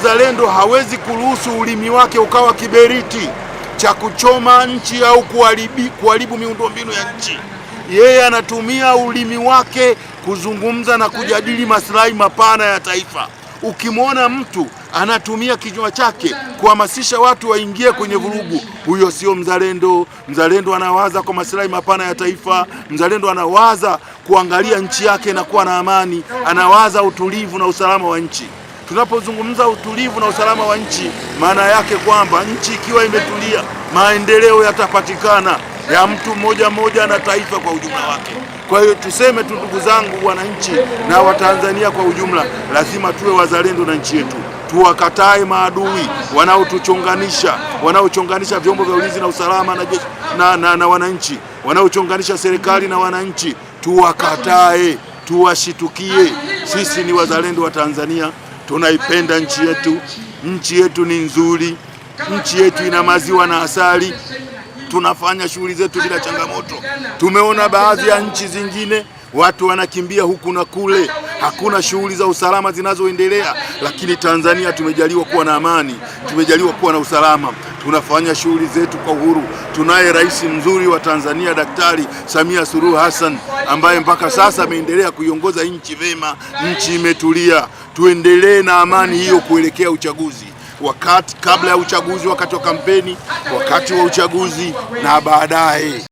mzalendo hawezi kuruhusu ulimi wake ukawa kiberiti cha kuchoma nchi au kuharibu miundombinu ya nchi. Yeye anatumia ulimi wake kuzungumza na kujadili maslahi mapana ya taifa. Ukimwona mtu anatumia kinywa chake kuhamasisha watu waingie kwenye vurugu, huyo sio mzalendo. Mzalendo anawaza kwa maslahi mapana ya taifa. Mzalendo anawaza kuangalia nchi yake na kuwa na amani, anawaza utulivu na usalama wa nchi. Tunapozungumza utulivu na usalama wa nchi, maana yake kwamba nchi ikiwa imetulia, maendeleo yatapatikana ya mtu mmoja mmoja na taifa kwa ujumla wake. Kwa hiyo tuseme tu, ndugu zangu wananchi na Watanzania kwa ujumla, lazima tuwe wazalendo na nchi yetu, tuwakatae maadui wanaotuchonganisha, wanaochonganisha vyombo vya ulinzi na usalama na, na, na, na wananchi, wanaochonganisha serikali na wananchi, tuwakatae, tuwashitukie. Sisi ni wazalendo wa Tanzania. Tunaipenda nchi yetu, nchi yetu ni nzuri, nchi yetu ina maziwa na asali. Tunafanya shughuli zetu bila changamoto. Tumeona baadhi ya nchi zingine watu wanakimbia huku na kule, hakuna shughuli za usalama zinazoendelea, lakini Tanzania tumejaliwa kuwa na amani, tumejaliwa kuwa na usalama, tunafanya shughuli zetu kwa uhuru. Tunaye rais mzuri wa Tanzania, Daktari Samia Suluhu Hassan ambaye mpaka sasa ameendelea kuiongoza nchi vema, nchi imetulia tuendelee na amani hiyo kuelekea uchaguzi, wakati kabla ya uchaguzi, wakati wa kampeni, wakati wa uchaguzi na baadaye.